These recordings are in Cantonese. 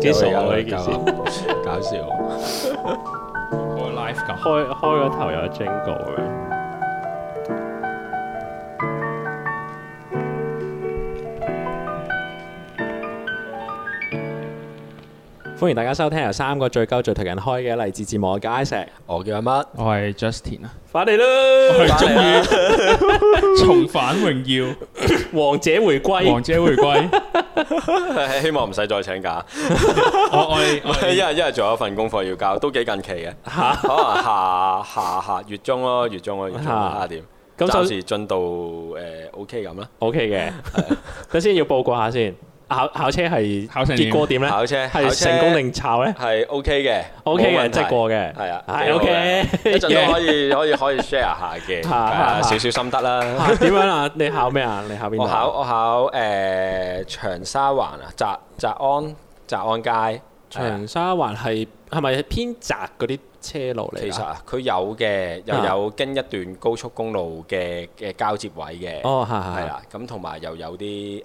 幾傻啊呢件事，搞笑。開開個頭有 Jingle，歡迎大家收聽由三個最鳩最頹人開嘅勵志節目《街石》，我叫阿乜？我係 Justin 啊，翻嚟啦，我係終於重返榮耀，王者回歸，王者回歸。 希望唔使再請假。我我一日一係做一份功課要交，都幾近期嘅。嚇， 可能下下下月中咯，月中我月中啊？點？暫時進度誒 OK 咁啦。OK 嘅，咁先要報告下先。考考車係結果點咧？係成功定炒咧？係 O K 嘅，O K 嘅，即係過嘅。係啊，係 O K，一陣都可以可以可以 share 下嘅，少少心得啦。點樣啊？你考咩啊？你考邊？我考我考誒長沙灣啊，澤澤安澤安街。長沙灣係係咪偏窄嗰啲車路嚟？其實佢有嘅，又有跟一段高速公路嘅嘅交接位嘅。哦，係係。係啦，咁同埋又有啲誒。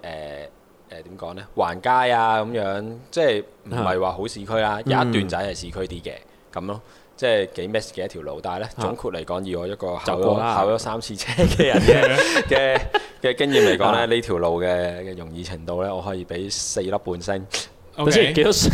誒點講咧？橫、呃、街啊，咁樣即係唔係話好市區啦，啊，嗯、有一段仔係市區啲嘅咁咯，即係幾 mess 嘅一條路。但係呢，總括嚟講，以我一個考咗考咗三次車嘅人嘅嘅嘅經驗嚟講咧，呢 條路嘅嘅容易程度呢，我可以畀四粒半星。咁先幾多星？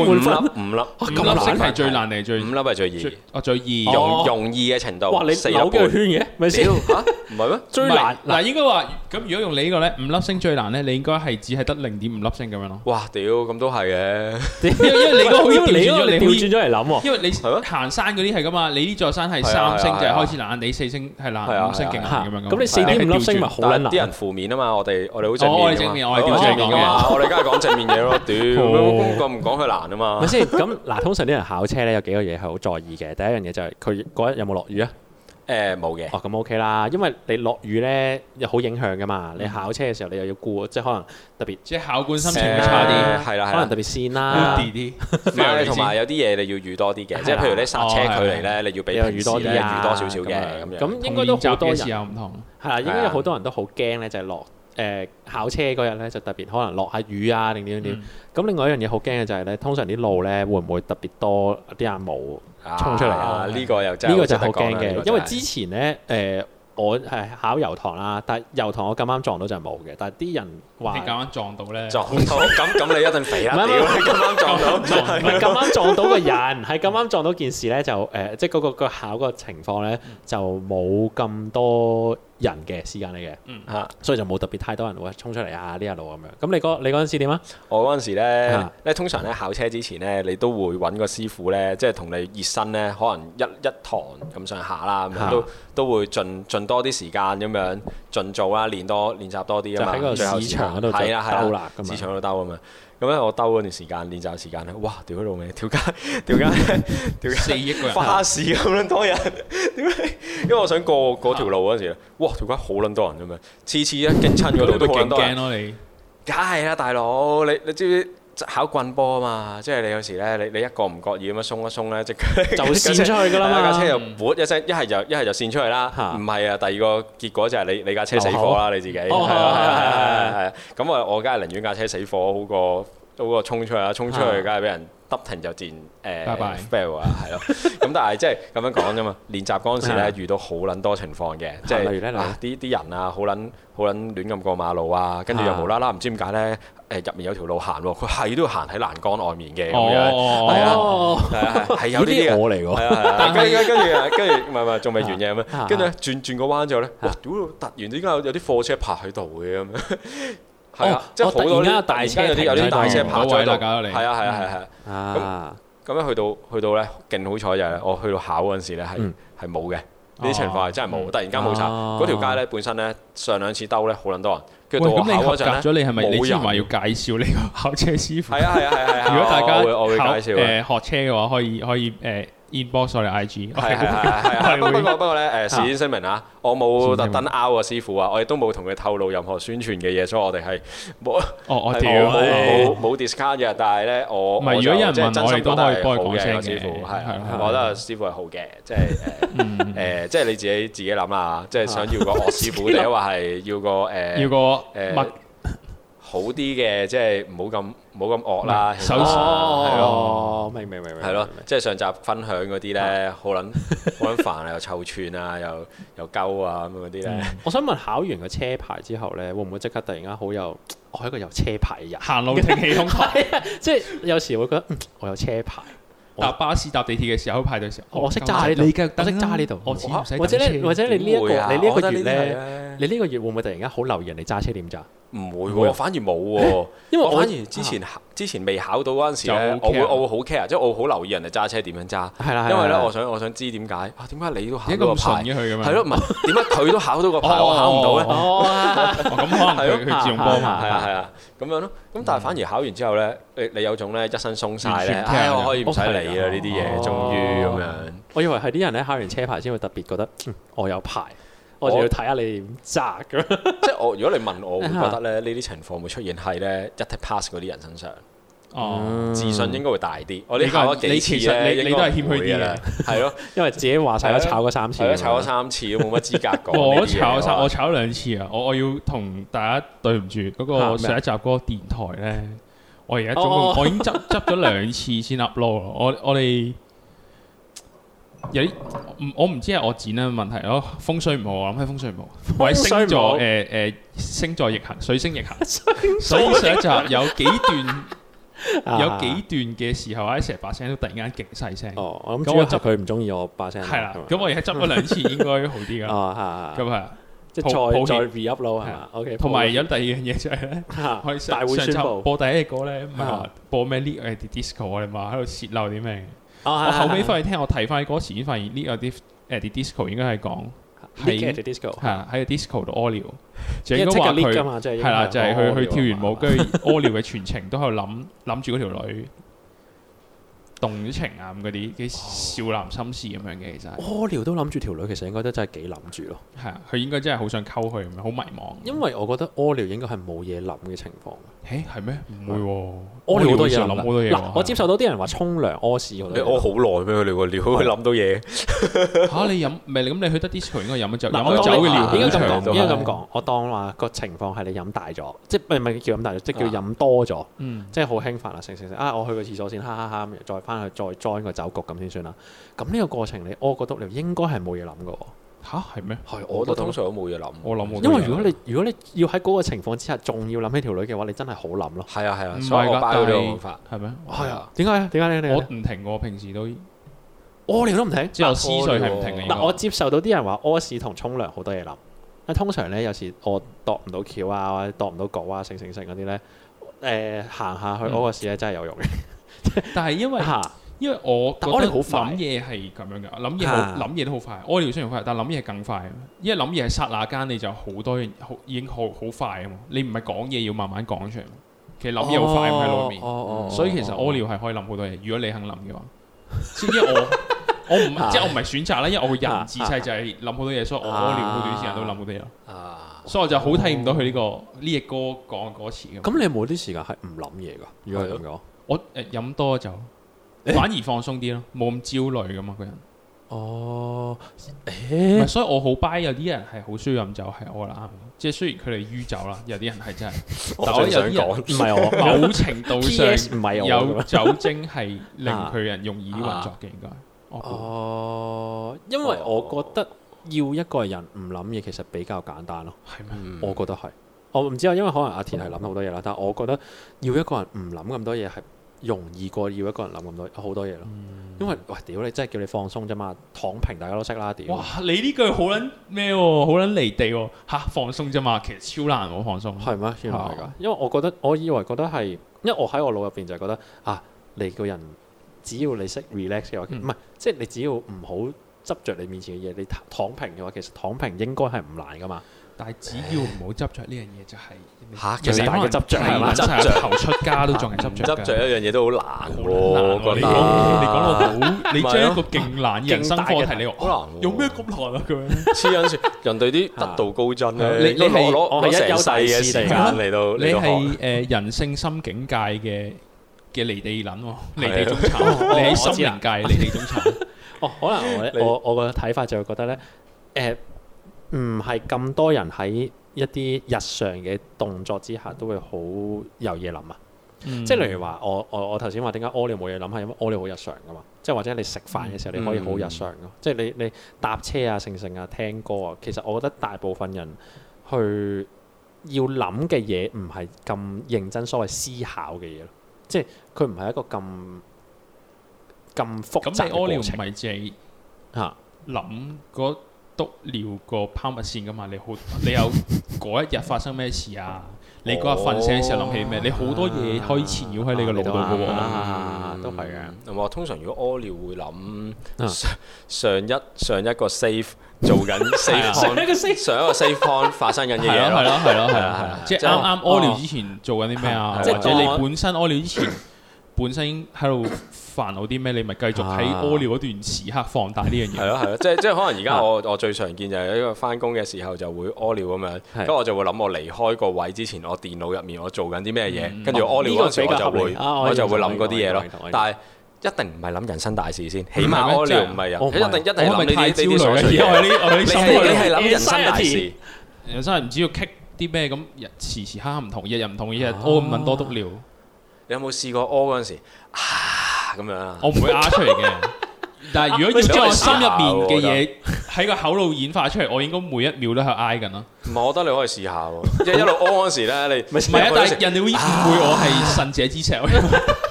五粒，五粒，五粒星係最難嚟，最五粒係最易，啊最易容容易嘅程度。哇！你走幾圈嘅？咪少，唔係咩？最難嗱，應該話咁。如果用你呢個咧，五粒星最難咧，你應該係只係得零點五粒星咁樣咯。哇！屌，咁都係嘅。因因為你個好調轉咗嚟諗喎，因為你行山嗰啲係咁啊。你呢座山係三星就開始硬硬地，四星係難，五星勁咁樣。咁你四點五粒星咪好難？啲人負面啊嘛，我哋我哋好正面啊嘛。我哋正面，我哋調正面嘅。我哋梗係講正面嘢咯。咁唔講佢難啊嘛。唔係先、哦，咁嗱，通常啲人考車咧，有幾個嘢係好在意嘅。第一樣嘢就係佢嗰日有冇落雨啊？誒、呃，冇嘅。哦，咁 OK 啦，因為你落雨咧又好影響噶嘛。你考車嘅時候你又要顧，即係可能特別，即係考官心情會差啲，係啦、呃，可能特別善啦，懸啲。同埋有啲嘢你要預多啲嘅，的即係譬如你剎車距離咧，哦、你要比平時人預多少少嘅咁樣。咁樣應該都好多時候唔同。係啦，應該有好多人都好驚咧，就係落。誒考車嗰日咧，就特別可能落下雨啊，定點樣？咁另外一樣嘢好驚嘅就係咧，通常啲路咧會唔會特別多啲阿霧衝出嚟啊？呢個又真係好驚嘅，因為之前咧誒我係考油塘啦，但係油塘我咁啱撞到就冇嘅，但係啲人話啲咁啱撞到咧撞到，咁咁你一定肥啊！你咁啱撞到唔係咁啱撞到個人，係咁啱撞到件事咧，就誒即係嗰個考個情況咧就冇咁多。人嘅時間嚟嘅，嚇、嗯，所以就冇特別太多人會衝出嚟啊呢一、這個、路咁樣。咁你嗰你嗰陣時點啊？我嗰陣時呢，呢通常呢考車之前呢，你都會揾個師傅呢，即係同你熱身呢，可能一一堂咁上下啦，咁、啊、都都會盡盡多啲時間咁樣盡做啦，練多練習多啲啊嘛。喺個市場度兜啦，市場度兜啊嘛。咁咧，我兜嗰段時間練習時間咧，哇！調嗰度咩？條街，條街，條街，條街四億個人，花市咁撚多人，點解？因為我想過嗰條路嗰時咧，哇！條街好撚多人咁咩？次次一驚親嗰度都好多咯，你，梗係啦，大佬，你你知唔知？考棍波啊嘛，即係你有時咧，你你一個唔覺意咁樣鬆一鬆咧，即刻就跣出去㗎啦！架 車又撥一聲，一係就一係就跣出去啦。唔係啊，啊，第二個結果就係你你架車死火啦，你自己。哦，係啊，係啊，係啊，係啊。咁啊，我梗係寧願架車死火，好過好過衝出去啦，衝出去梗係畀人。停就自然誒 fail 啊，係咯。咁但係即係咁樣講啫嘛。練習嗰陣時咧，遇到好撚多情況嘅，即係例如咧，嗱，啲啲人啊，好撚好撚亂咁過馬路啊，跟住又無啦啦唔知點解咧，誒入面有條路行喎，佢係都要行喺欄杆外面嘅咁樣。係啊，係有啲嘢我嚟啊，跟住跟住跟住唔係唔係仲未完嘅。咁樣。跟住轉轉個彎之後咧，哇！屌，突然之間有有啲貨車泊喺度嘅咁樣。係啊，即係好多啲大車有啲大車跑咗嚟，搞到你。係啊係啊係係啊。咁咁樣去到去到咧，勁好彩就係我去到考嗰陣時咧係係冇嘅，呢啲情況係真係冇，突然間冇曬。嗰條街咧本身咧上兩次兜咧好撚多人，跟住到我考嗰陣咧冇人。合格咗，你係咪？你之前話要介紹呢個考車師傅？係啊係啊係係。如果大家學車嘅話，可以可以誒。inbox 我哋 IG 係係係啊，不過不過咧，誒事先聲明啊，我冇特登 out 啊。師傅啊，我亦都冇同佢透露任何宣傳嘅嘢，所以我哋係冇哦，我我冇冇 discount 嘅，但係咧，我唔係，如果有人問我，我哋都可以好嘅師傅，係我覺得師傅係好嘅，即係誒，即係你自己自己諗啊，即係想要個惡師傅定係話係要個誒要個誒好啲嘅，即係唔好咁。冇咁惡啦，哦，係咯，係咯，即係上集分享嗰啲咧，好撚好撚煩啊，又臭串啊，又又鳩啊咁嗰啲咧。我想問考完個車牌之後咧，會唔會即刻突然間好有？我係一個有車牌嘅人，行路嘅，起胸即係有時會覺得我有車牌，搭巴士搭地鐵嘅時候排隊時我識揸，你而家識揸呢度，我或者咧，或者你呢一個你呢個月咧，你呢個月會唔會突然間好留意人哋揸車點揸？唔會喎，反而冇喎，因為我反而之前之前未考到嗰陣時我會我會好 care，即係我好留意人哋揸車點樣揸。係啦，因為咧，我想我想知點解？哇，點解你都考到個牌？咁樣。係咯，唔係點解佢都考到個牌，我考唔到咧？哦，咁可能佢佢自動波，唔啊，係啊，咁樣咯。咁但係反而考完之後咧，你有種咧一身鬆晒，咧，唉，我可以唔使理啊呢啲嘢，終於咁樣。我以為係啲人咧考完車牌先會特別覺得我有牌。我，我要睇下你點扎咁， 即係我。如果你問我，我會覺得咧呢啲情況會出現係咧一 take pass 嗰啲人身上，哦、啊，自信應該會大啲。我呢個你你、啊、你都係謙虛啲嘅，係咯、啊， 啊、 因為自己話晒。啦、啊啊，炒咗三次，炒咗三次都冇乜資格講。 我炒我炒咗兩次啊！我我要同大家對唔住，嗰、那個上一集嗰個電台咧，我而家總共哦哦我已經執執咗兩次先 upload 我我哋。我有啲唔我唔知係我剪啊問題咯，風水唔好，我諗起風水唔好。位星座誒誒，星座逆行，水星逆行，所以上一集有幾段有幾段嘅時候喺成日把聲都突然間極細聲。哦，我諗主要就佢唔中意我把聲。係啦，咁我而家執咗兩次應該好啲噶。哦，嚇，咁啊，即係再再 reup 咯嚇。OK，同埋有第二樣嘢就係咧，大會宣布播第一個咧，唔係話播咩呢？誒啲 disco 啊嘛，喺度泄漏啲咩？Oh, yes, yes, yes. 我後尾翻去聽，我睇翻啲歌詞先發現呢個 disco 應該係講係嚇喺個 disco 度屙尿，就應該話佢係啦，就係佢去跳完舞，跟住屙尿嘅全程都喺度諗諗住嗰條女。動情啊嗰啲啲少男心思咁樣嘅，其實屙尿都諗住條女，其實應該都真係幾諗住咯，係啊，佢應該真係好想溝佢，好迷茫。因為我覺得屙尿應該係冇嘢諗嘅情況。誒係咩？唔會，屙尿好多嘢諗好多嘢。我接受到啲人話沖涼屙屎，我我好耐咩佢尿佢諗到嘢嚇你飲咪咁你去得啲場應該飲咗酒嗱我走，應該咁講？應該咁講？我當話個情況係你飲大咗，即係唔係叫飲大即係叫飲多咗，即係好興奮啦，成成成啊！我去個廁所先，哈哈再翻去再 join 個酒局咁先算啦。咁呢個過程，你屙個篤尿應該係冇嘢諗噶吓？嚇係咩？係我通常都冇嘢諗。我諗，因為如果你如果你要喺嗰個情況之下，仲要諗起條女嘅話，你真係好諗咯。係啊係啊，所以而家你係咩？係啊。點解啊？點解你哋？我唔停，我平時都屙尿都唔停，只有思緒係唔停。但我接受到啲人話屙屎同沖涼好多嘢諗。通常咧，有時我度唔到橋啊，或者度唔到角啊，成成成嗰啲咧，誒行下去屙個屎咧，真係有用嘅。但係因為，因為我覺得諗嘢係咁樣嘅，諗嘢諗嘢都好快，屙尿雖然快，但諗嘢更快，因為諗嘢係剎那間，你就好多嘢，已經好好快啊嘛！你唔係講嘢要慢慢講出嚟，其實諗嘢好快喺裏面，所以其實屙尿係可以諗好多嘢。如果你肯諗嘅話，知知我我唔即係我唔係選擇啦，因為我個人自細就係諗好多嘢，所以我屙尿好短時間都諗好多嘢，所以我就好體驗到佢呢個呢隻歌講嘅歌詞。咁你有冇啲時間係唔諗嘢噶？如果係咁講。我誒飲多酒，反而放鬆啲咯，冇咁焦慮咁嘛。個人。哦，唔係，所以我好 buy 有啲人係好需要飲酒，係我啦，即係雖然佢哋酗酒啦，有啲人係真係。但我想講唔係我，某程度上唔係有酒精係令佢人容易運作嘅，應該。哦，因為我覺得要一個人唔諗嘢其實比較簡單咯。係咩？我覺得係。我唔知啊，因為可能阿田係諗好多嘢啦，但係我覺得要一個人唔諗咁多嘢係。容易過要一個人諗咁多好多嘢咯，嗯、因為喂屌你真係叫你放鬆啫嘛，躺平大家都識啦，屌。哇！你呢句好撚咩喎？好撚、啊、離地喎、啊、嚇、啊！放鬆啫嘛，其實超難好放鬆。係咩？超難、啊、因為我覺得我以為覺得係，因為我喺我腦入邊就係覺得啊，你個人只要你識 relax 嘅話，唔係即係你只要唔好執着你面前嘅嘢，你躺平嘅話，其實躺平應該係唔難㗎嘛。但係只要唔好執着呢樣嘢就係嚇，最大嘅執著係執著頭出家都仲係執着嘅。執著一樣嘢都好難喎。講到你講到好，你即一個勁難嘅人生課題。你好難，用咩谷難啊咁樣？黐緊人哋啲得道高僧咧，你係攞係一休大師嘅時間嚟到嚟到你係誒人性心境界嘅嘅離地諗喎，離地中產。你喺心境界，離地中產。哦，可能我我我個睇法就覺得咧，誒。唔係咁多人喺一啲日常嘅動作之下都會好有嘢諗啊！嗯、即係例如話，我我我頭先話點解屙尿冇嘢諗，係因為屙尿好日常噶嘛。即係或者你食飯嘅時候，你可以好日常咯。嗯嗯、即係你你搭車啊、剩剩啊、聽歌啊，其實我覺得大部分人去要諗嘅嘢，唔係咁認真，所謂思考嘅嘢咯。即係佢唔係一個咁咁複雜嘅過程。咁屙尿唔係自己嚇諗篤尿個拋物線噶嘛？你好，你有嗰一日發生咩事啊？你嗰一瞓醒嘅時候諗起咩？你好多嘢可以纏繞喺你個腦度嘅喎。都係嘅。我通常如果屙尿會諗上一上一個 safe 做緊 safe。上一個 safe fun 發生緊嘅嘢。係咯係咯係啊，係啊！即係啱啱屙尿之前做緊啲咩啊？或者你本身屙尿之前本身喺度。煩惱啲咩，你咪繼續喺屙尿嗰段時刻放大呢樣嘢。係咯係咯，即即可能而家我我最常見就係一個翻工嘅時候就會屙尿咁樣，咁我就會諗我離開個位之前，我電腦入面我做緊啲咩嘢，跟住屙尿嗰時候就會我就會諗嗰啲嘢咯。但係一定唔係諗人生大事先，起碼屙尿唔係人，一定一定唔係太焦慮嘅我係我係諗人生大事。人生唔知要棘啲咩，咁日時時刻刻唔同，日日唔同，日日屙多督尿。你有冇試過屙嗰陣時啊？咁、啊、樣啊我！我唔會啞出嚟嘅，但係如果要將我心入面嘅嘢。喺個口度演化出嚟，我應該每一秒都係嗌緊咯。唔係，我覺得你可以試下，一一路屙嗰時咧，你唔係啊！但係人哋會誤會我係神者之長。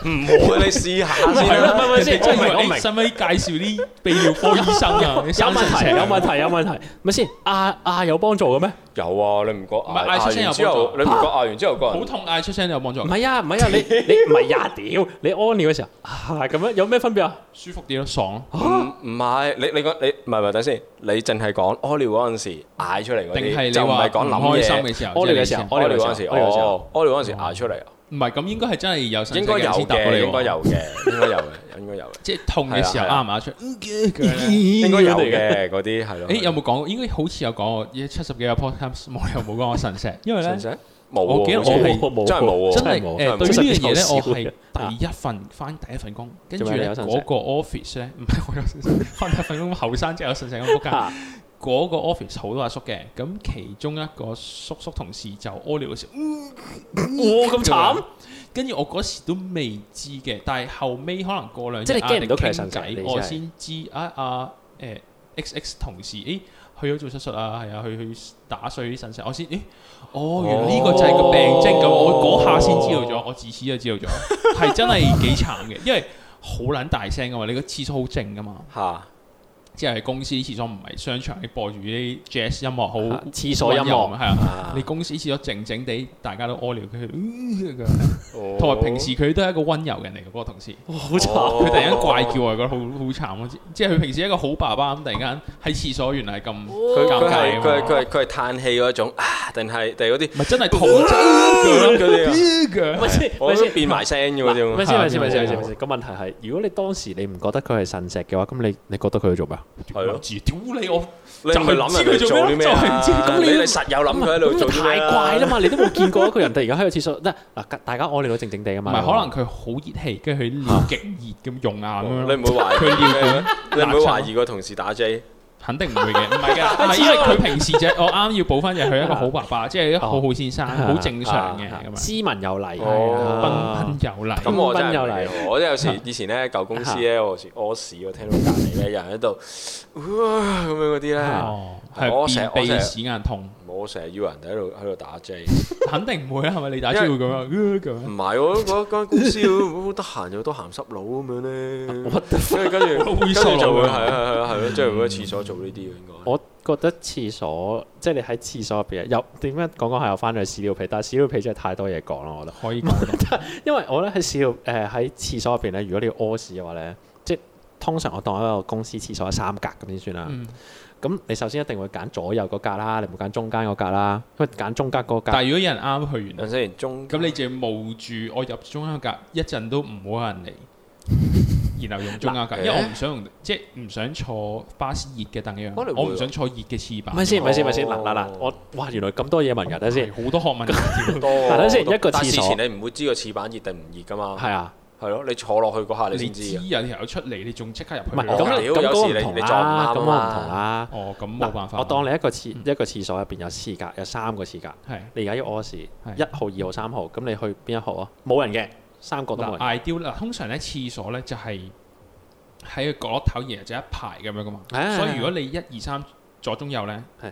唔會，你試下。先。係啦，唔係先，即係我明。使唔使介紹啲泌尿科醫生啊？有問題，有問題，有問題，咪先？嗌嗌有幫助嘅咩？有啊，你唔覺嗌出聲之後，你唔覺嗌完之後個人好痛嗌出聲有幫助？唔係啊，唔係啊，你你唔係廿點，你屙尿嗰時係咁樣，有咩分別啊？舒服啲咯，爽。唔唔係，你你講你唔係唔係，等先。你淨係講屙尿嗰陣時嗌出嚟嗰啲，定係你唔係講諗嘢開心嘅時候。屙尿嘅時候，屙尿嗰陣時，屙尿嗰陣時嗌出嚟啊！唔係，咁應該係真係有神。應該有嘅，應該有嘅，應該有嘅，應該有嘅。即係痛嘅時候，嗌唔嗌出？應該有嘅嗰啲係咯。誒有冇講？應該好似有講過。七十幾個 podcast 冇又冇講我神石，因為咧。我記得我冇，真係冇喎，真係誒。對於呢樣嘢咧，我係第一份翻第一份工，跟住咧嗰個 office 咧，唔係我有，翻第一份工後生即係有信心嗰間，嗰個 office 好多阿叔嘅，咁其中一個叔叔同事就屙尿嘅時，哇咁慘！跟住我嗰時都未知嘅，但係後尾可能過兩，即係你驚唔到傾偈，我先知啊啊誒 X X 同事 A。去咗做手術，術啊，係啊，去去打碎啲腎石，我先，咦，哦，原來呢個就係個病徵咁，哦、我嗰下先知道咗，我自此就知道咗，係 真係幾慘嘅，因為好撚大聲嘅嘛，你個廁所好靜嘅嘛。即係公司廁所唔係商場，你播住啲 jazz 音樂好廁所音樂，係啊！你公司廁所靜靜地，大家都屙尿佢，同埋平時佢都係一個溫柔人嚟嘅嗰個同事，好慘！佢突然間怪叫，我覺得好好慘，即係佢平時一個好爸爸咁，突然間喺廁所原來係咁尷尬，佢係佢係佢係嘆氣嗰種，定係定係嗰啲咪真係痛咁樣？唔係先，變埋聲嘅喎，先唔先唔先唔先唔先。個問題係，如果你當時你唔覺得佢係腎石嘅話，咁你你覺得佢做咩係咯，屌你我，你就去諗佢做咩，就係唔知。咁你都實有諗啊？咁仲太怪啦嘛，你都冇見過一個人突然間喺個廁所，嗱嗱，大家我哋都靜靜地啊嘛。唔係，可能佢好熱氣，跟住佢尿極熱咁用啊咁樣。你唔會懷疑佢尿咩？你唔會懷疑個同事打 J。肯定唔會嘅，唔係嘅，因為佢平時就我啱要補翻嘅，佢一個好爸爸，即係一個好好先生，好正常嘅。斯文有禮，彬彬有禮。咁我真有禮，我真有時以前咧舊公司咧，我時屙屎，我聽到隔離咧有人喺度，咁樣嗰啲咧，係便秘屎眼痛。我成日要人哋喺度喺度打 J，肯定唔會啊，係咪你打 J 會咁啊？唔係，我覺得間公司好得閒又多鹹濕佬咁樣咧，跟住跟住會做嘅係係係係咯，即係去廁所做呢啲嘅應該。我覺得廁所即係你喺廁所入邊啊，入點樣講，講下又翻去屎尿屁，但係屎尿屁真係太多嘢講啦，我覺得可以講。因為我咧喺屎尿誒喺廁所入邊咧，如果你屙屎嘅話咧，即係通常我當一個公司廁所三格咁先算啦。咁你首先一定會揀左右嗰格啦，你唔會揀中間嗰格啦，因為揀中間嗰格。但係如果有人啱去完咧，即係中。咁你就要冒住我入中間格一陣都唔會有人嚟，然後用中間格，因為我唔想用，即係唔想坐巴士熱嘅凳一樣，我唔想坐熱嘅廁板。咪先，咪先，咪先。嗱嗱嗱，我哇原來咁多嘢問噶，等先。好多學問，好多。等先一個廁所，事前你唔會知個廁板熱定唔熱噶嘛？係啊。係咯，你坐落去嗰下你先知啊！你有條友出嚟，你仲即刻入去。唔係咁，咁嗰個唔同啦，咁我唔同啦。哦，咁冇辦法。我當你一個廁一個廁所入邊有廁格，有三個廁格。係。你而家要屙屎，一號、二號、三號，咁你去邊一號啊？冇人嘅，三個都冇人。I do 啦，通常咧廁所咧就係喺個角落頭，然後就一排咁樣噶嘛。所以如果你一二三左中右咧，係。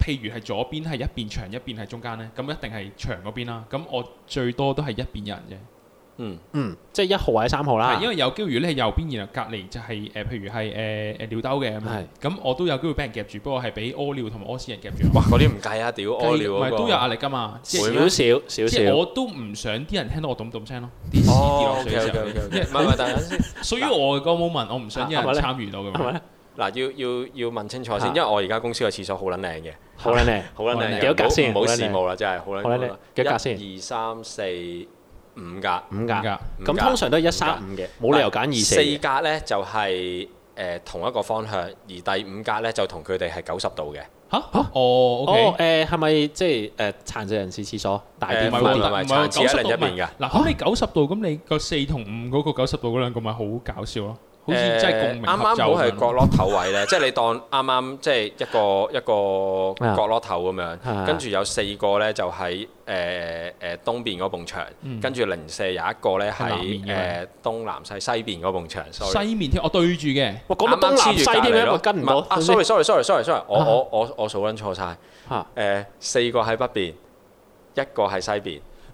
譬如係左邊係一邊牆一邊係中間咧，咁一定係牆嗰邊啦。咁我最多都係一邊有人啫。嗯嗯，即係一號或者三號啦。係，因為有鯊魚咧，右邊然後隔離就係誒，譬如係誒誒尿兜嘅。係，咁我都有機會俾人夾住，不過係俾屙尿同埋屙屎人夾住。哇，嗰啲唔計啊，屌屙尿嗰個。唔係都有壓力㗎嘛，少少少少。即係我都唔想啲人聽到我咚咚聲咯。哦，有有有。唔係唔係，等陣先。屬於我嘅 moment，我唔想有人參與到嘅。係咪咧？嗱，要要要問清楚先，因為我而家公司嘅廁所好撚靚嘅，好撚靚，好撚靚。幾多格先？唔好羨慕啦，真係，好撚靚。幾多格先？二三四。五格，五格噶，咁通常都係一三五嘅，冇理由揀二四。四格咧就係誒同一個方向，而第五格咧就同佢哋係九十度嘅。嚇嚇，哦，okay，誒係咪即係誒殘疾人士廁所大便、小便、殘疾人士係另一邊嘅？嗱，嚇你九十度，咁你個四同五嗰個九十度嗰兩個咪好搞笑咯？即誒啱啱好係角落頭位咧，即係你當啱啱即係一個一個角落頭咁樣，跟住有四個咧就喺誒誒東邊嗰埲牆，跟住零舍有一個咧喺誒東南西西邊嗰埲牆，西面添，我對住嘅，我燈黐住西邊，跟唔到。sorry sorry sorry sorry sorry，我我我我數緊錯曬，誒四個喺北邊，一個喺西邊。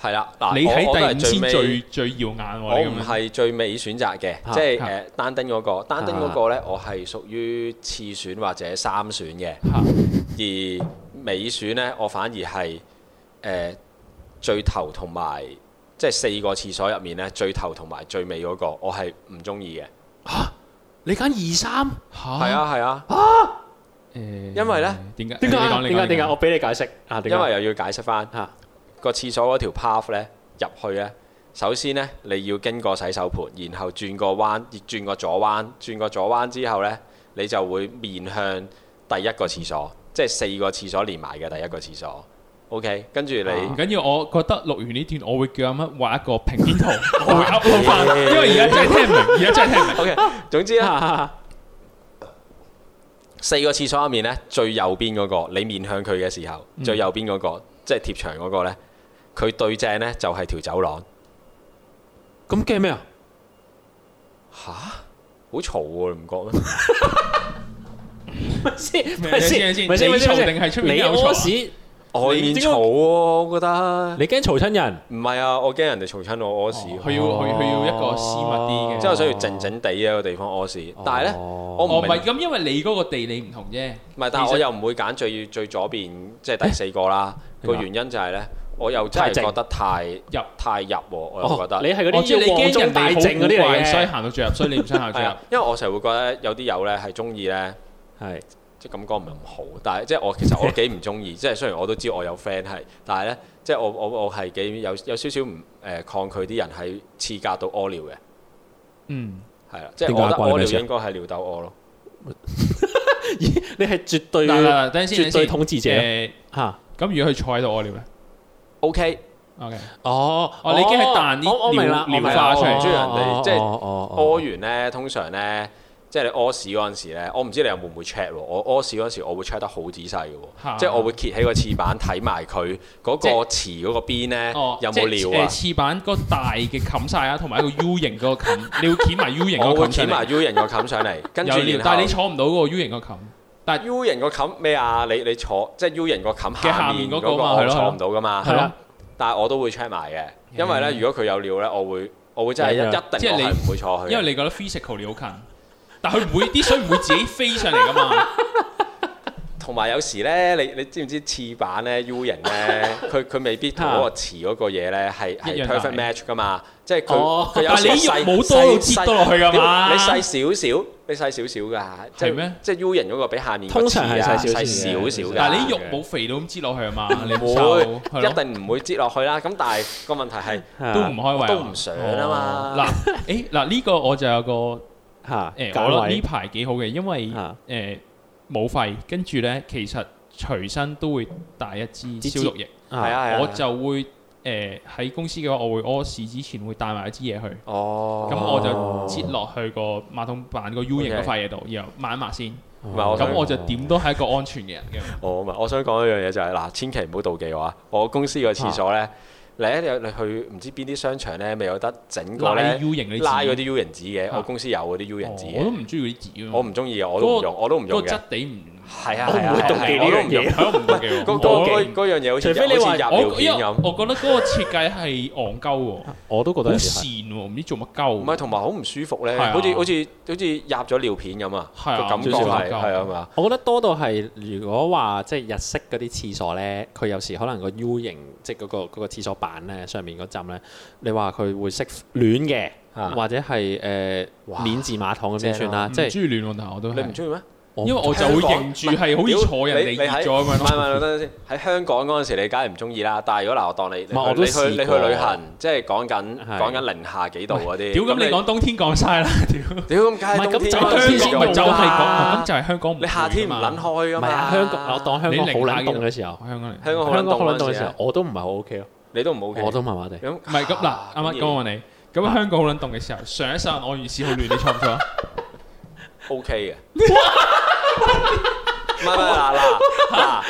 係啦，嗱，你喺第五先最最耀眼位咁樣。我唔係最尾選擇嘅，即係誒單丁嗰個。單丁嗰個咧，我係屬於次選或者三選嘅。而尾選咧，我反而係誒最頭同埋，即係四個廁所入面咧，最頭同埋最尾嗰個，我係唔中意嘅。嚇！你揀二三？嚇！係啊係啊。嚇！誒，因為咧點解？點解？你講，點解？點解？我俾你解釋啊！因為又要解釋翻嚇。個廁所嗰條 path 咧入去咧，首先咧你要經過洗手盆，然後轉個彎，轉個左彎，轉個左彎之後咧，你就會面向第一個廁所，即係四個廁所連埋嘅第一個廁所。OK，跟住你唔、啊、緊要，我覺得錄完呢段，我會叫阿乜畫一個平面圖， 我會 upload 翻，因為而家真係聽唔明，而家真係聽唔明。OK，總之啊，哈哈哈哈四個廁所入面咧，最右邊嗰、嗰個，你面向佢嘅時候，嗯、最右邊嗰、嗰個，即係貼牆嗰個咧。佢對正咧，就係條走廊。咁驚咩啊？嚇，好嘈喎！你唔覺咩？咪先咪先咪先定係出面嘈？你屙屎，外面嘈喎。我覺得你驚嘈親人，唔係啊！我驚人哋嘈親我屙屎。佢要佢佢要一個私密啲嘅，即係想要靜靜地一個地方屙屎。但係咧，我唔明咁，因為你嗰個地理唔同啫。唔係，但我又唔會揀最最左邊，即係第四個啦。個原因就係咧。我又真係覺得太入太入喎，我覺得你係嗰啲依依中大靜嗰啲，所以行到最入，所以你唔想行到最入。因為我成日會覺得有啲友咧係中意咧，係即係感覺唔係咁好。但係即係我其實我都幾唔中意。即係雖然我都知我有 friend 係，但係咧即係我我我係幾有有少少唔誒抗拒啲人喺次格廁格度屙尿嘅。嗯，係啦，即係我覺得屙尿應該係尿到尿兜屙咯。你係絕對嗱嗱嗱，等先，絕對統治者嚇。咁如果佢坐喺度屙尿咧？O K，O K，哦，哦，你已經係彈啲尿尿化出嚟，即係屙完咧，通常咧，即係你屙屎嗰陣時咧，我唔知你有冇唔會 check 喎，我屙屎嗰陣時我會 check 得好仔細嘅喎，即係我會揭起個廁板睇埋佢嗰個池嗰個邊咧有冇尿啊？誒，廁板嗰個大嘅冚晒啊，同埋一個 U 型嗰個冚，你要掀埋 U 型個，我會掀埋 U 型個冚上嚟，跟住但係你坐唔到嗰個 U 型個冚。但係 U 型個冚咩啊？你你坐即係 U 型個冚下面嗰個，下面嗰個嘛我坐唔到噶嘛。係咯。但係我都會 check 埋嘅，因為咧如果佢有料咧，我會我會真係一定。即係你唔會坐佢，因為你覺得 physical 你好近， 但係佢唔會啲水唔會自己飛上嚟㗎嘛。 同埋有時咧，你你知唔知廁板咧 U 型咧，佢佢未必同嗰個廁嗰個嘢咧係係 perfect match 噶嘛？即係佢佢有時嘛。你細少少，你細少少噶，即係咩？即係 U 型嗰個比下面通常係細少細少少嘅。但係你肉冇肥到咁擠落去啊嘛？你冇一定唔會擠落去啦。咁但係個問題係都唔開胃，都唔想啊嘛。嗱，誒嗱呢個我就有個嚇誒，呢排幾好嘅，因為誒。冇廢，跟住呢，其實隨身都會帶一支消毒液，我就會誒喺公司嘅話，我會屙屎之前會帶埋一支嘢去。哦，咁我就擠落去個馬桶板個 U 型嗰塊嘢度，然後抹一抹先。咁我就點都係一個安全嘅人嘅。我想講一樣嘢就係嗱，千祈唔好妒忌我，我公司個廁所呢。嚟，一日你去唔知邊啲商場咧，咪有得整個咧拉嗰啲 U 型紙嘅，啊、我公司有嗰啲 U 型紙嘅，哦。我都唔中意嗰啲紙，我唔中意，我都唔用，那個，我都唔用嘅。係啊，我唔會讀記呢樣嘢，我唔會記唔到嗰樣嘢好似除非你話我，因為我覺得嗰個設計係戇鳩喎。我都覺得好跣喎，唔知做乜鳩。唔係同埋好唔舒服咧，好似好似好似入咗尿片咁啊，個感覺係係啊嘛。我覺得多到係如果話即係日式嗰啲廁所咧，佢有時可能個 U 型即係嗰個嗰個廁所板咧上面嗰浸咧，你話佢會識暖嘅，或者係誒免治馬桶咁先算啦。即係你唔中意咩？因為我就會認住係好似坐人哋熱咗咁樣咯。唔係唔係，等陣先。喺香港嗰陣時，你梗係唔中意啦。但係如果嗱，我當你，你去你去旅行，即係講緊講緊零下幾度嗰啲。屌咁，你講冬天降晒啦。屌屌咁，梗係冬天先用啦。就係香港唔。你夏天冷開㗎嘛？香港我當香港好冷凍嘅時候，香港冷。香港好冷凍嘅時候，我都唔係好 OK 咯。你都唔好。我都麻麻地。唔係咁嗱，啱啱講過你。咁香港好冷凍嘅時候，上一陣我預先好暖啲，錯唔錯？OK 嘅。唔係啦，嗱，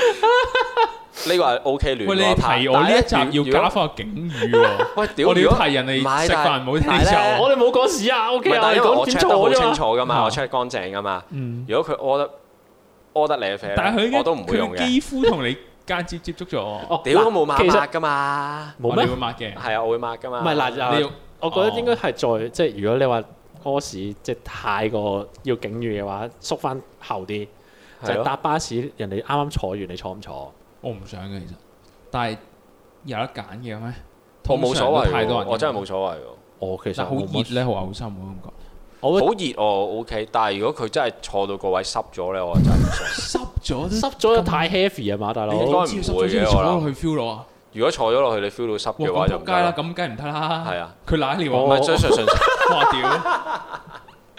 呢個係 O K。喂，你提我呢一集要加翻個警語喎。喂，屌！我哋提人哋食飯，唔好聽笑。我哋冇屙屎啊，O K。但係我 check 得好清楚噶嘛，我 check 乾淨噶嘛。嗯。如果佢屙得屙得你啊，但係我都唔會用嘅。佢肌膚同你間接接觸咗，我屌都冇抹抹噶嘛，冇咩？你會抹嘅，係啊，我會抹噶嘛。唔係嗱，你我覺得應該係再即係，如果你話屙屎即係太過要警語嘅話，縮翻後啲。就搭巴士，人哋啱啱坐完，你坐唔坐？我唔想嘅，其實，但係有得揀嘅咩？我冇所謂，太多人，我真係冇所謂。我其實好熱咧，好嘔心嘅感覺。我好熱哦，OK。但係如果佢真係坐到個位濕咗咧，我真係唔想。濕咗？濕咗就太 heavy 啊，嘛，大佬。你應該唔會嘅，我諗。如果坐咗落去，你 feel 到濕嘅話就唔會。咁梗係唔得啦。係啊。佢瀨尿我。唔係，純純純。哇！屌。要心問題，心問題，啲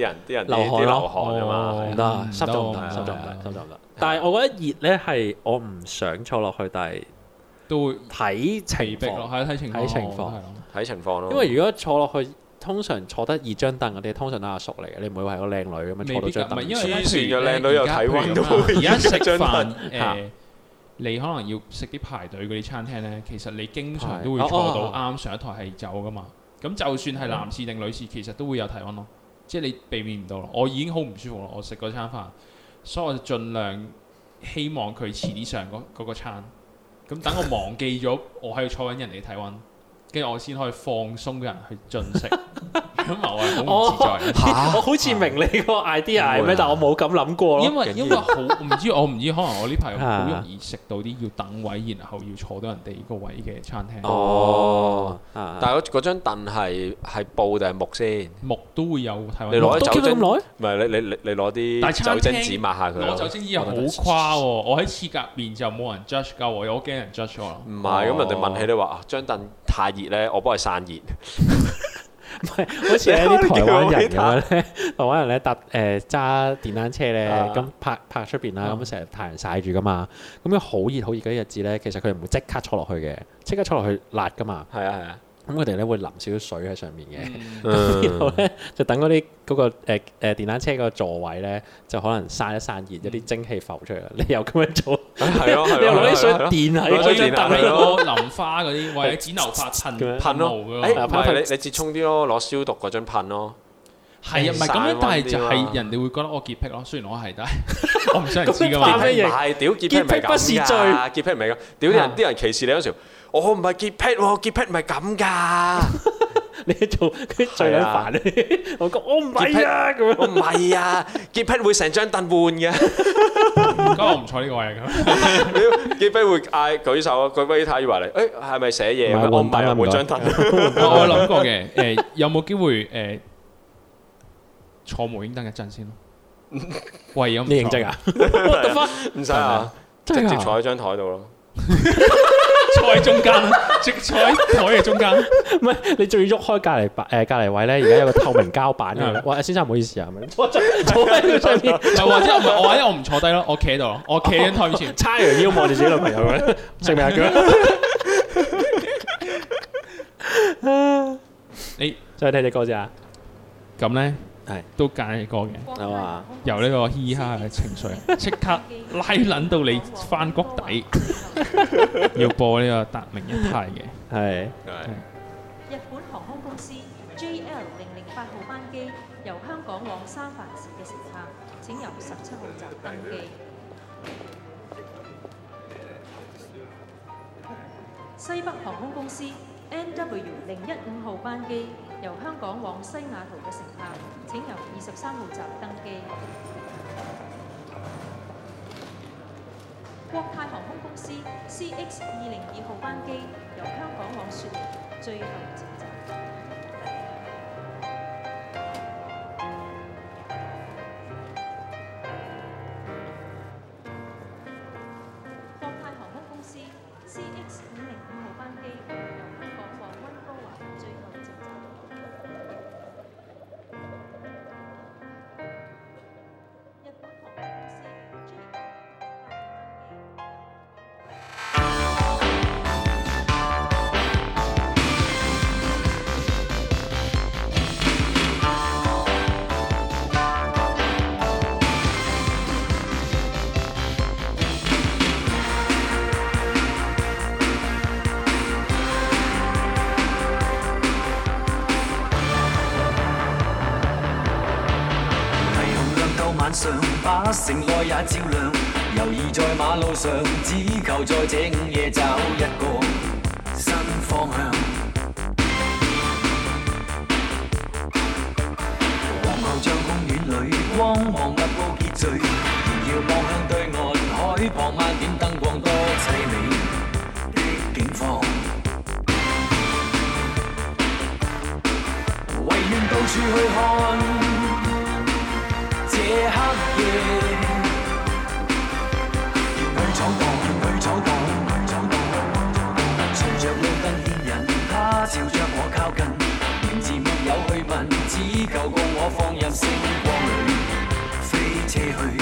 人啲人流汗流汗。唔得，濕唔得，濕就唔得。但係我覺得熱咧，係我唔想坐落去，但係都會睇情況，睇情睇情況，睇情況咯。因為如果坐落去，通常坐得熱張凳嗰啲，通常都係阿叔嚟嘅，你唔會話個靚女咁樣坐到張凳。唔係，因為阿叔靚女有體温，而家食飯凳，你可能要食啲排隊嗰啲餐廳咧，其實你經常都會坐到啱上一枱係走噶嘛。咁就算係男士定女士，其實都會有體温咯，即係你避免唔到。我已經好唔舒服啦，我食嗰餐飯，所以我就盡量希望佢遲啲上嗰嗰個餐。咁等我忘記咗，我喺度坐緊人哋嘅體温。跟住我先可以放鬆嘅人去進食，咁啊，我係好自在，我好似明你個 idea 係咩，但我冇咁諗過咯。因為因為好唔知我唔知，可能我呢排好容易食到啲要等位，然後要坐到人哋個位嘅餐廳。哦，但係嗰張凳係係布定係木先？木都會有，你攞啲酒精咁，唔係你你你攞啲酒精紙抹下佢。攞酒精紙又好誇，我喺廁格面就冇人 judge 㗎，我又驚人 judge 我。唔係咁，人哋問起你話啊，張凳。太熱咧，我幫佢散熱。唔 係， 好似咧啲台灣人咁咧， 台灣人咧搭誒揸、呃、電單車咧，咁泊泊出邊啦，咁成日太陽晒住㗎嘛，咁樣好熱好熱嗰啲日子咧，其實佢唔會即刻坐落去嘅，即刻坐落去辣㗎嘛。係啊係啊。咁佢哋咧會淋少少水喺上面嘅，然後咧就等嗰啲嗰個誒誒電單車個座位咧，就可能散一散熱，一啲蒸汽浮出嚟啦。你又咁樣做，係咯，你攞啲水電喺，再等佢淋花嗰啲，或者剪頭髮、噴噴霧嘅。你你接衝啲咯，攞消毒嗰樽噴咯。係啊，唔係咁樣，但係就係人哋會覺得我潔癖咯。雖然我係，但係我唔想人知㗎。咁你犯係屌潔癖不是罪。潔癖唔係咁。屌啲人啲人歧視你嗰時。我唔係潔癖喎，潔癖唔係咁噶。你做佢最樣煩啊！我講我唔係啊，咁樣我唔係啊，潔癖會成張凳換嘅。唔該，我唔坐呢個位咁。潔癖會嗌舉手啊！舉不起太陽嚟。誒係咪寫嘢？我唔係換張凳。我諗過嘅，誒有冇機會誒坐無影燈一陣先咯？喂，咩認真啊？唔使啊，直接坐喺張台度咯。坐喺中間，直坐喺台嘅中間，唔係你仲要喐開、呃、隔籬白誒隔籬位咧，而家有個透明膠板嘅，喂！先生唔好意思啊，坐坐坐喺佢上面，或者我或者我唔坐低咯，我企喺度，我企喺台前，叉、哦哦、完腰望住自己女朋友，證明下腳。誒，再聽隻歌咋？咁咧？都揀嘅歌嘅，係嘛？由呢個嘻哈嘅情緒，即刻拉撚到你翻谷底，要播呢個達明一派嘅。係，日本航空公司 JL 零零八號班機由香港往三藩市嘅乘客，請由十七號站登機。西北航空公司 NW 零一五號班機。由香港往西雅圖嘅乘客，請由二十三號閘登機。國泰航空公司 CX 二零二號班機由香港往雪梨，最後。城內也照亮，遊移在馬路上，只求在這午夜找一個新方向。皇后像公園裏光芒密佈結聚，遙遙望向對岸海傍萬點燈光多凄美的景況。唯願到處去看。就共我放入星光裏飛車去。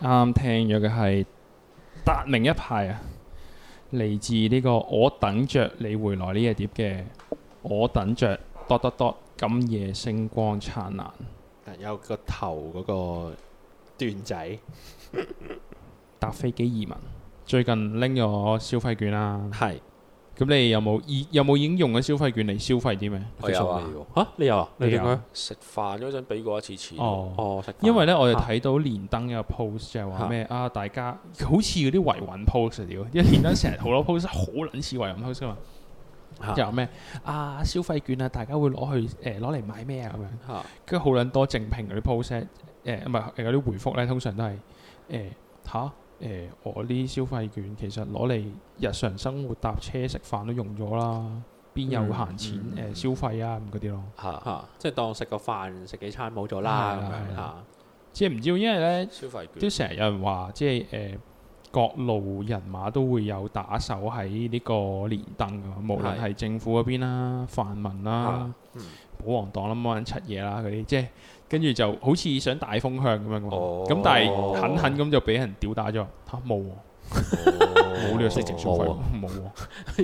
啱聽咗嘅係達明一派啊，嚟自呢個我等着你回來呢隻碟嘅，我等着，多多多，今夜星光燦爛，有個頭嗰個段仔， 搭飛機移民，最近拎咗消費券啦，係。咁你有冇已有冇已經用咗消費券嚟消費啲咩？有我有啊！嚇、啊、你有啊？你點啊？食飯嗰陣俾過一次錢。哦哦，哦因為咧我又睇到連登嘅 post 就係話咩啊？大家好似嗰啲維穩 post 嚟㗎，因為連登成日好多 post 好撚似維穩 post 啊嘛。又話咩啊？消費券啊，大家會攞去誒攞嚟買咩啊咁樣。嚇、啊！跟住好撚多正評嗰啲 post，誒唔係誒啲回覆咧，通常都係誒嚇。呃誒、呃，我啲消費券其實攞嚟日常生活搭車食飯都用咗啦，邊有閒錢誒、嗯嗯呃、消費啊咁嗰啲咯，嚇嚇、啊啊，即係當食個飯食幾餐冇咗啦咁樣嚇。的啊、即係唔知，因為咧消費券、即成日有人話，即係誒、呃、各路人馬都會有打手喺呢個連登，無論係政府嗰邊啦、的泛民啦、嗯、保皇黨啦、人出嘢啦嗰啲，即係。跟住就好似想大風向咁樣，咁、oh. 但係狠狠咁就俾人屌打咗。嚇、啊、冇，冇呢個色情消費，冇、oh. 啊。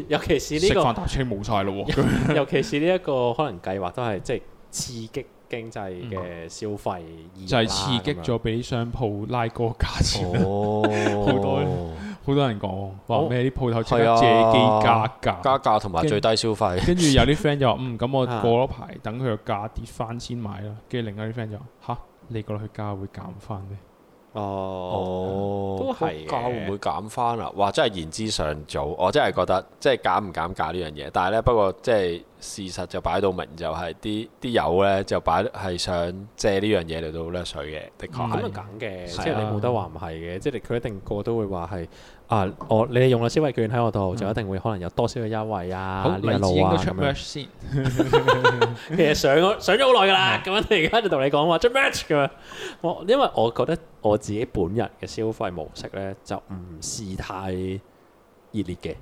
尤其是呢、這個食飯打車冇曬咯。 尤其是呢、這、一、個、 個可能計劃都係即係刺激經濟嘅消費、嗯，就係刺激咗俾商鋪拉高價錢好多。 好多人講話咩啲鋪頭借機加價，啊、加價同埋最低消費。跟住有啲 friend 就話：嗯，咁我過咗排等佢個價跌翻先買啦。跟住另外啲 friend 就話：吓，你過落去價會減翻咩？哦，都係價會唔會減翻啊！哇，真係言之尚早。我真係覺得，即係減唔減價呢樣嘢。但係咧，不過即係。事實就擺到明就，就係啲啲友咧就擺係想借呢樣嘢嚟到掠水嘅。的確咁啊，梗嘅、嗯，嗯、即係你冇得話唔係嘅，嗯、即係佢一定個都會話係啊！我你哋用咗消費券喺我度，嗯、就一定會可能有多少嘅優惠啊，呢、嗯、個路啊其實上咗上咗好耐㗎啦，咁、嗯、樣你而家就同你講話出 match 咁樣。我因為我覺得我自己本人嘅消費模式咧，就唔是太熱烈嘅，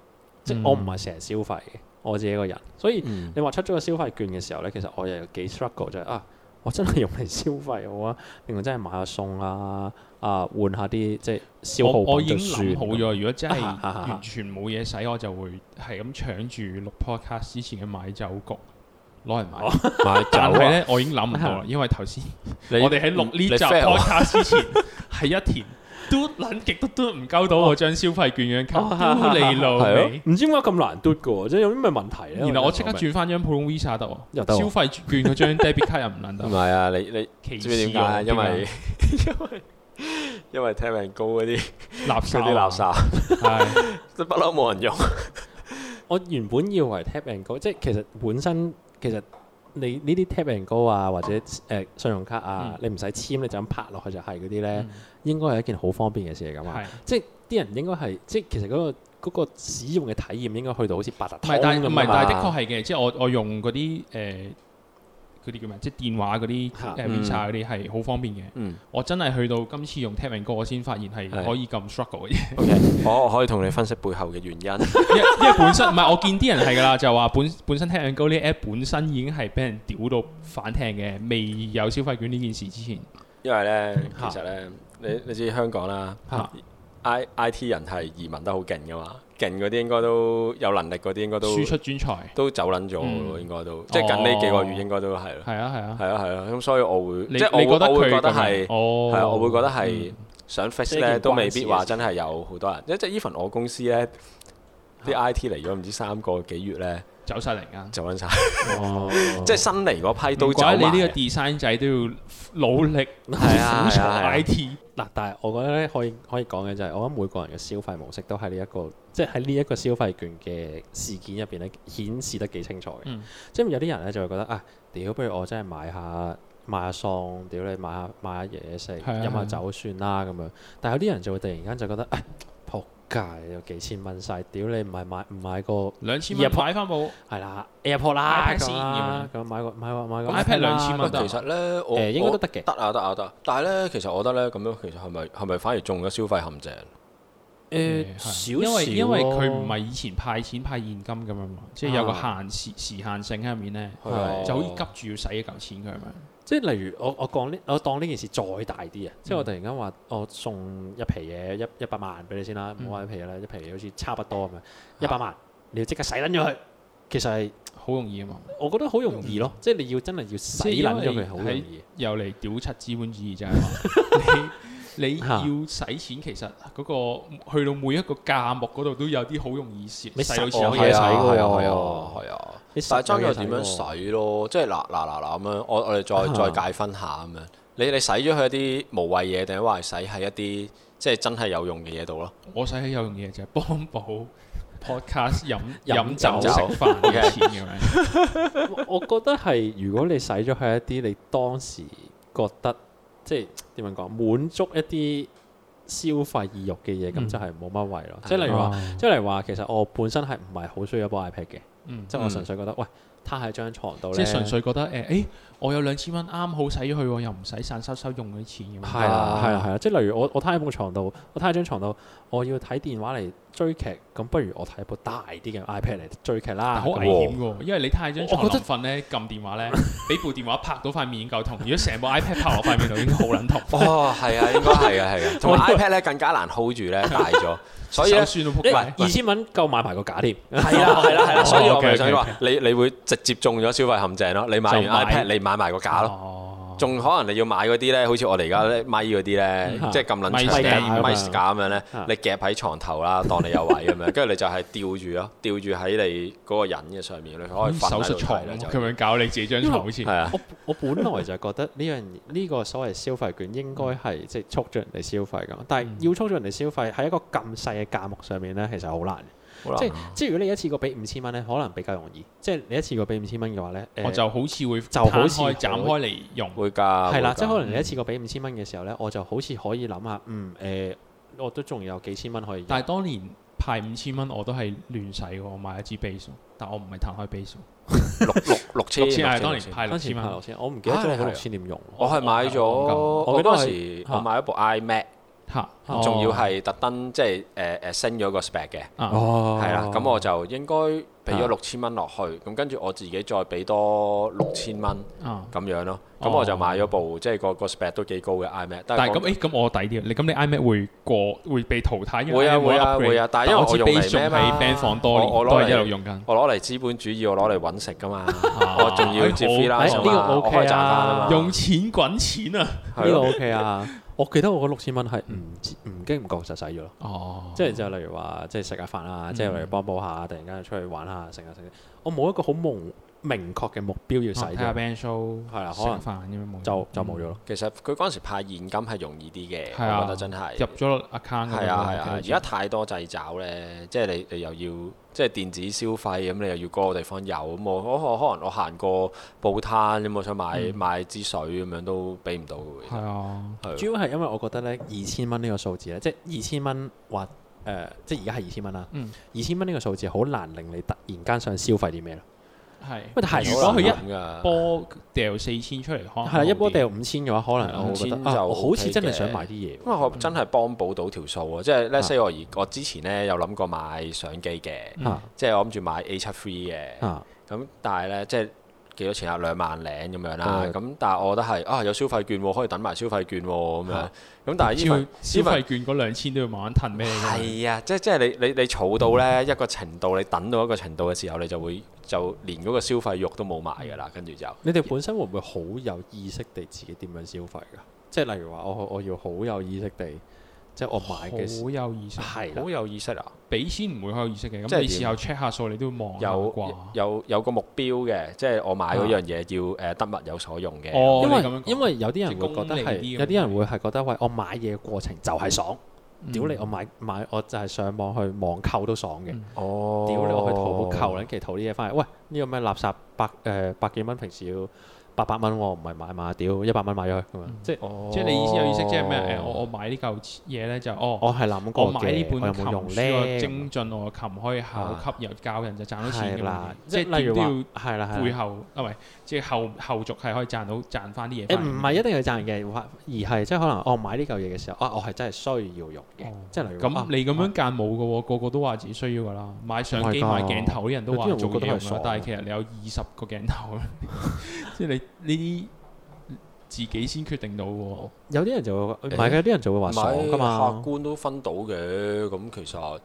即我唔係成日消費嘅。嗯我自己個人，所以你話出咗個消費券嘅時候呢，嗯、其實我又幾 struggle 就係啊，我真係用嚟消費好啊，定係真係買下餸啊啊，換一下啲即係消耗品，我已經諗好咗，如果真係完全冇嘢使，我就會係咁搶住六 p o d 之前嘅買酒局攞嚟買。但係呢，我已經諗唔到啦，啊、因為頭先我哋喺錄呢集 p o 之前係、啊啊、一田。 嘟撚極都嘟唔夠到我張消費券嘅卡，都你老，唔知點解咁難嘟嘅，即係有啲咩問題咧？然後我即刻轉翻張普通 Visa 得消費券嗰張 debit 卡又唔撚得。唔係啊，你你知唔知點解？因為因為 tap and go 嗰啲垃圾，啲垃圾係即不嬲冇人用。我原本以為 tap and go 即係其實本身其實。你呢啲 tap and go 啊，或者誒、呃、信用卡啊，嗯、你唔使簽，你就咁拍落去就係嗰啲咧，嗯、應該係一件好方便嘅事嚟噶嘛。即係啲人應該係，即係其實嗰、嗰個嗰個使用嘅體驗應該去到好似八達通咁啊。唔係，但係樣但係的確係嘅。即係我我用嗰啲誒。呃嗰啲叫咩？即電話嗰啲誒 visa 嗰啲係好方便嘅。嗯、我真係去到今次用 Tap & Go 我先發現係可以咁 struggle 嘅嘢。我可以同你分析背後嘅原因， 因為本身唔係我見啲人係㗎啦，就話本本身 Tap & Go 呢 app 本身已經係俾人屌到反聽嘅，未有消費券呢件事之前。因為呢， 其實呢，你你知香港啦、啊、 ，I I T 人係移民得好勁㗎嘛。勁嗰啲應該都有能力，嗰啲應該都輸出專才，都走撚咗咯。應該都即係近呢幾個月應該都係咯。係啊係啊係啊係啊！咁所以我會即係我我會覺得係係啊，我會覺得係想 fix 咧都未必話真係有好多人，因為即係 even 我公司咧啲 IT 嚟咗唔知三個幾月咧。走晒嚟㗎，走穩曬、啊。哦 哇，即係新嚟嗰批都走嘛。唔怪你呢個 design 仔都要努力苦從嗱，啊啊啊、IT 但係我覺得咧，可以可以講嘅就係，我諗每個人嘅消費模式都喺呢一個，即係喺呢一個消費券嘅事件入邊咧，顯示得幾清楚嘅。嗯、即係有啲人咧就會覺得啊，屌，不如我真係買下買下餸，屌你買下買下嘢食，飲、啊、下酒算啦咁樣。啊、但係有啲人就會突然間就覺得，哎、啊。價幾千蚊晒，屌你唔係買唔買個兩千蚊？Apple 買翻冇係啦，Air 啦咁，咁買個買個買個 iPad 兩千蚊得。其實咧，我我應該都得嘅，得啊得啊得。但係咧，其實我覺得咧，咁樣其實係咪係咪反而中咗消費陷阱？誒，少，因為因為佢唔係以前派錢派現金咁樣嘛，即係有個限時時限性喺入面咧，就好似急住要使一嚿錢佢係咪？即係例如我我講呢我當呢件事再大啲啊！嗯、即係我突然間話我送一皮嘢一一百萬俾你先啦，唔好話一皮嘢啦，一皮嘢好似差唔多咁樣一百萬，啊、你要即刻洗撚咗佢，其實係好容易啊嘛！我覺得好容易咯，即係你要真係要洗撚咗佢，好容易。又嚟屌七資本主義真係。 你 你要使錢，其實嗰、嗰個去到每一個價目嗰度都有啲好容易蝕，你有錢有嘢使嘅喎。係啊係啊係啊！但係裝咗點樣使咯？即係嗱嗱嗱咁樣，我我哋再、啊、再解分下咁樣、啊。你你使咗去一啲無謂嘢，定係話使喺一啲即係真係有用嘅嘢度咯？我使喺有用嘢就係、是、幫補 Podcast 飲飲酒食飯錢咁樣。Okay. 我覺得係，如果你使咗喺一啲你當時覺得。即係點樣講？滿足一啲消費意欲嘅嘢，咁、嗯、就係冇乜謂咯。嗯、即係例如話，啊、即係例如話，其實我本身係唔係好需要一部 iPad 嘅。嗯、即係我純粹覺得，喂，攤喺張床度咧，即係純粹覺得，誒、呃，誒、欸。我有兩千蚊啱好使去，又唔使散修修用啲錢咁。係啊係啊係啊！即係例如我我攤喺張床度，我攤喺張床度，我要睇電話嚟追劇，咁不如我睇一部大啲嘅 iPad 嚟追劇啦。好危險㗎，因為你攤喺張牀度瞓咧，撳電話咧，俾部電話拍到塊面夠痛；如果成部 iPad 拍落塊面度已經好撚痛。哦，係啊，應該係啊，係啊，同 iPad 咧更加難 hold 住咧，大咗，所以算到撲街。兩千蚊夠買埋個架添。係啦係啦係啦，所以我話你你會直接中咗消費陷阱咯。你買完 iPad 你買。買埋個架咯，仲、哦、可能你要買嗰啲咧，好似我哋而家咧咪嗰啲咧，嗯嗯、即係咁撚長嘅咪架咁樣咧，樣嗯、你夾喺床頭啦，嗯、當你有位咁樣，跟住你就係吊住咯，吊住喺你嗰個人嘅上面，你、嗯、可以瞓喺度睇。佢咪教你自己張床。好似係啊！我我本來就覺得呢樣呢個所謂消費券應該係、嗯、即係促進人哋消費咁，但係要促進人哋消費，喺一個咁細嘅價目上面咧，其實好難。即係，即係如果你一次過俾五千蚊咧，可能比較容易。即係你一次過俾五千蚊嘅話咧，我就好似會就好似斬開嚟用佢㗎。係啦，即係可能你一次過俾五千蚊嘅時候咧，我就好似可以諗下，嗯誒，我都仲有幾千蚊可以。但係當年派五千蚊我都係亂使喎，買一支 bass，但我唔係彈開 bass。六六六千係當年派六千蚊，六千我唔記得咗六千點用。我係買咗我嗰陣時，我買咗部 iMac。仲要係特登即係誒誒升咗個 spec 嘅，係啦，咁我就應該俾咗六千蚊落去，咁跟住我自己再俾多六千蚊咁樣咯，咁我就買咗部即係個個 spec 都幾高嘅 iMac。但係咁誒，咁我抵啲，你咁你 iMac 會過會被淘汰，會啊，會啊，會啊，因為冇 upgrade。但係我用嚟做咩啊？我攞嚟一路用緊。我攞嚟資本主義，我攞嚟搵食㗎嘛。我仲要我呢個 OK 用錢滾錢啊？呢個 OK 啊？我記得我個六千蚊係唔唔經唔覺就使咗咯。哦、即係就例如話即係食下飯啊，即係、嗯、例如幫補下，突然間出去玩下，成下成我冇一個好夢。明確嘅目標要使咗，睇下 Ben Show 係啦，可能就就冇咗咯。其實佢嗰陣時派現金係容易啲嘅，我覺得真係入咗 account 啊係啊。而家太多掣肘咧，即係你你又要即係電子消費咁，你又要嗰個地方有。咁我可能我行過報攤咁，我想買買支水咁樣都俾唔到。係啊，主要係因為我覺得咧，二千蚊呢個數字咧，即係二千蚊或誒，即係而家係二千蚊啦。二千蚊呢個數字好難令你突然間想消費啲咩咯。係，但是，係。如果佢一波掉四千出嚟，係啦的，一波掉五千嘅話，可能五千我覺得，啊，就好似真係想買啲嘢。因為、嗯、我真係幫補到條數啊，即係咧 say 我而我之前咧有諗過買相機嘅，即係、嗯、我諗住買 A 七 three 嘅，咁、嗯、但係咧即係。就是幾多錢啊？兩萬零咁樣啦，咁但係我覺得係啊，有消費券可以等埋消費券咁樣。咁、啊、但係是消費券嗰兩千都要慢慢吞咩？係啊，即係即係你你你儲到呢、嗯、一個程度，你等到一個程度嘅時候，你就會就連嗰個消費慾都冇埋㗎啦，跟住就你哋本身會唔會好有意識地自己點樣消費㗎？嗯、即係例如話，我我要好有意識地。即係我買嘅好有意識，係好有意識啊！俾錢唔會好有意識嘅，咁你事後 check 下數，你都會忘記有有個目標嘅，即係我買嗰樣嘢要誒得物有所用嘅。哦，因為因為有啲人會覺得係，有啲人會係覺得喂，我買嘢過程就係爽。屌你，我買買我就係上網去網購都爽嘅。哦，屌你，我去淘寶購，其實淘啲嘢翻嚟，喂呢個咩垃圾百誒百幾蚊，平時要。八百蚊我唔係買嘛，屌一百蚊買咗佢咁樣，即係即係你意思有意識，即係咩？誒，我我買呢嚿嘢咧就哦，我係嗱我買呢本琴呢精進我琴可以考級又教人就賺到錢咁樣，即係例如話，係啦係啦，背後啊唔即係後後續係可以賺到賺翻啲嘢。誒唔係一定要賺嘅，而係即係可能我買呢嚿嘢嘅時候啊，我係真係需要用嘅，即係例如咁你咁樣間冇嘅喎，個個都話自己需要㗎啦，買相機買鏡頭啲人都話做嘅，但係其實你有二十個鏡頭，即係你。呢啲自己先決定到喎，有啲人就會唔係嘅，有啲人就會話傻㗎嘛。客觀都分到嘅，咁其實誒，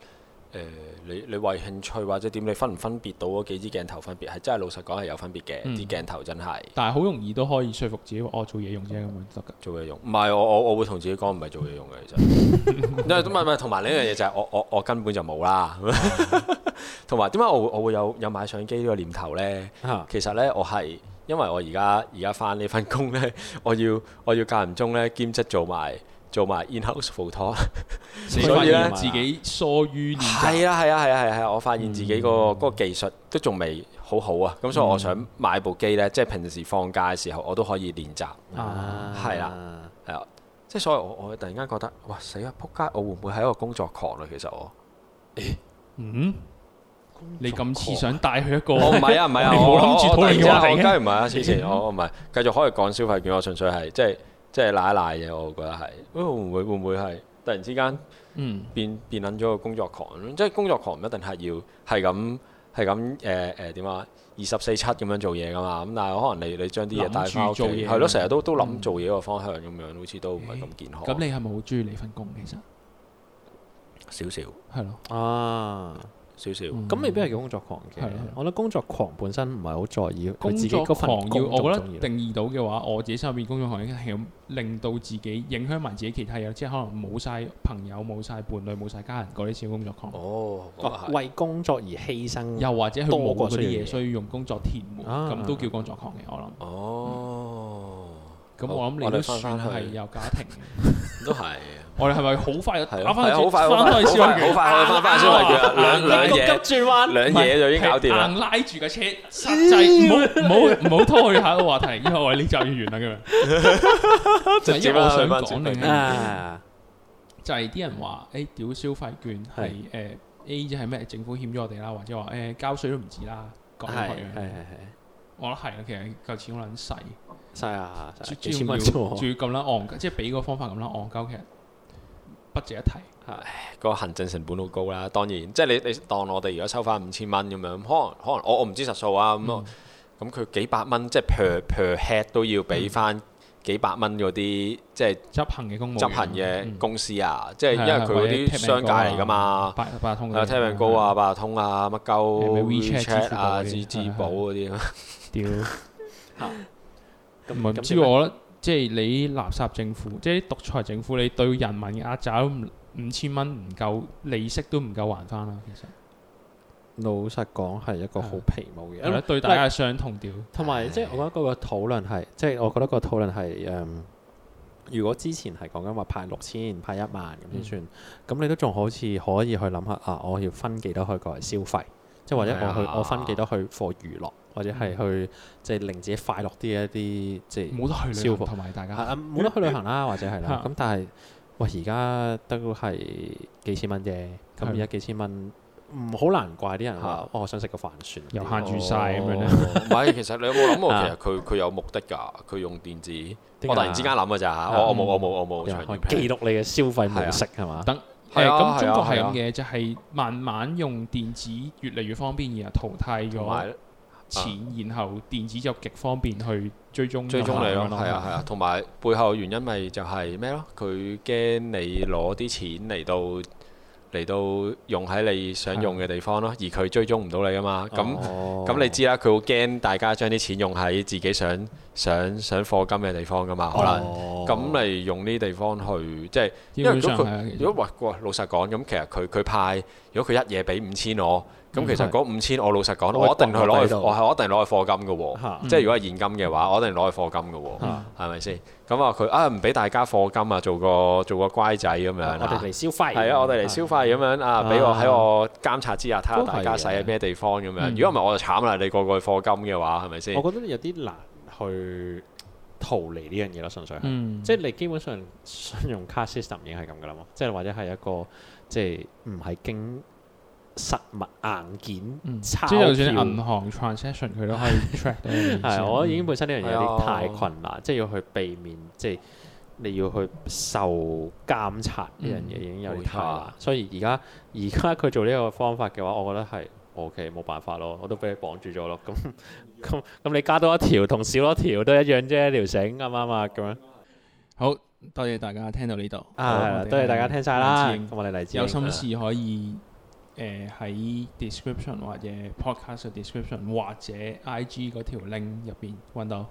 你你為興趣或者點，你分唔分別到嗰幾支鏡頭，分別係真係老實講係有分別嘅，啲鏡頭真係。但係好容易都可以說服自己，我做嘢用啫，咁樣得㗎，做嘢用。唔係我我我會同自己講，唔係做嘢用嘅，其實。因為同埋呢樣嘢就係我我我根本就冇啦。同埋點解我會我會有有買相機呢個念頭咧？其實咧，我係。因為我而家而家翻呢份工呢，我要我要間唔中咧兼職做埋做埋 in house photo，所以呢，自己疏於練習。係啊係啊係啊係啊。我發現自己個嗰技術都仲未好好啊，咁所以我想買部機呢，即係平時放假嘅時候我都可以練習。係啦，啊。即係所以我我突然間覺得，哇死啊！仆街，我會唔會係一個工作狂啊？其實我，嗯。你咁似想帶佢一個？唔係啊唔係啊，我我突然之間，我梗係唔係啊！之前我唔係繼續可以講消費券，我純粹係即係即係瀨一瀨嘅，我覺得係會唔會會唔會係突然之間變變緊咗個工作狂？即係工作狂唔一定係要係咁係咁誒誒點啊？二十四七咁樣做嘢㗎嘛？咁但係可能你你將啲嘢帶翻做嘢。係咯，成日都都諗做嘢個方向咁樣，好似都唔係咁健康。咁你係咪好中意你份工其實少少係咯啊！少少，咁未必係叫工作狂嘅。我覺得工作狂本身唔係好在意，佢自己嗰份工作重要。定義到嘅話，我自己身入面工作狂已經係令到自己影響埋自己其他嘢，即係可能冇晒朋友、冇晒伴侶、冇晒家人嗰啲小工作狂。哦，為工作而犧牲，又或者去冇嗰啲嘢，需要用工作填滿，咁都叫工作狂嘅。我諗。哦，咁我諗你都算係有家庭。都係。我哋係咪好快又打翻去翻去消費券？好快，翻翻消費券，急轉彎，兩嘢就已經搞掂。硬拉住個車，唔好唔好拖去下一個話題。因為我哋呢集要完啦，咁樣。就係我想講你啊，就係啲人話誒，屌消費券係誒 A 即係咩？政府欠咗我哋啦，或者話誒交稅都唔止啦，咁樣。係係係，我覺得係啊，其實嚿錢好撚細，細啊，幾千蚊，仲要咁樣戇，即係俾個方法咁啦，戇交，其實。不值一提。係個行政成本好高啦，當然，即係你你當我哋如果收翻五千蚊咁樣，可能可能我我唔知實數啊，咁咁佢幾百蚊，即係 per per head 都要俾翻幾百蚊嗰啲，即係執行嘅公務執行嘅公司啊，即係因為佢嗰啲商界嚟㗎嘛，八八通啊 Tap & Go 啊，八達通啊，乜鳩 WeChat 啊，支支寶嗰啲，屌，咁唔知我即係你垃圾政府，即係啲獨裁政府，你對人民嘅壓榨五千蚊唔夠，利息都唔夠還返啦。其實，老實講係一個好皮毛嘅，對大家相同調，同埋即係我覺得嗰個討論係，即係對 我覺得個討論係誒、嗯，如果之前係講緊話派六千、派一萬咁先算，咁、嗯、你都仲好似可以去諗下啊，我要分幾多去過嚟消費？嗯即係或者我去我分幾多去課娛樂，或者係去即係令自己快樂啲嘅一啲即係冇得去消同埋大家。冇得去旅行啦，或者係啦。咁但係喂，而家都係幾千蚊啫。咁而家幾千蚊唔好難怪啲人話，哦，我想食個飯算。又限住晒咁樣。唔係，其實你有冇諗過？其實佢佢有目的㗎。佢用電子，我突然之間諗嘅咋。我我冇我冇我冇長記錄你嘅消費模式係嘛？等。係咁中國係咁嘅，就係慢慢用電子越嚟越方便，然後淘汰咗錢，然後電子就極方便去追蹤你咯。係啊，係啊，同埋背後原因咪就係咩咯？佢驚你攞啲錢嚟到嚟到用喺你想用嘅地方咯，而佢追蹤唔到你噶嘛。咁咁你知啦，佢會驚大家將啲錢用喺自己想。想想課金嘅地方㗎嘛，可能咁嚟用呢地方去，即係因為如果佢如果話過老實講，咁其實佢佢派，如果佢一嘢俾五千我，咁其實嗰五千我老實講，我一定係攞去，我係我一定攞去課金㗎喎，即係如果係現金嘅話，我一定攞去課金㗎喎，係咪先？咁啊佢啊唔俾大家課金啊，做個做個乖仔咁樣我哋嚟消費，係啊，我哋嚟消費咁樣啊，俾我喺我監察之下睇下大家使喺咩地方咁樣。如果唔係我就慘啦，你個個去課金嘅話係咪先？我覺得有啲難。去逃離呢樣嘢咯，純粹係，嗯、即係你基本上信用卡 system 已經係咁噶啦嘛，即係或者係一個即係唔係經實物硬件，嗯。即係就算銀行 transaction 佢都可以 track。 我覺得已經本身呢樣嘢有啲太困難，哦、即係要去避免，即、就、係、是、你要去受監察呢樣嘢已經有啲太難。怕所以而家而家佢做呢個方法嘅話，我覺得係。O K，冇辦法咯，我都俾你綁住咗咯。咁咁咁，你加多一條同少一條都一樣啫，條繩咁啱嘛，咁樣好多謝大家聽到呢度啊，多謝大家聽晒啦。多謝勵志鷹，有心事可以誒喺 description 或者 podcast description 或者 I G 嗰條 link 入邊揾到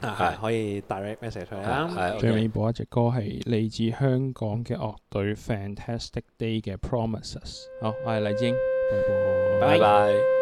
啊，係可以 direct message 佢啊。最尾播一隻歌係嚟自香港嘅樂隊 Fantastic Day 嘅 Promises。好，我係勵志鷹。拜拜。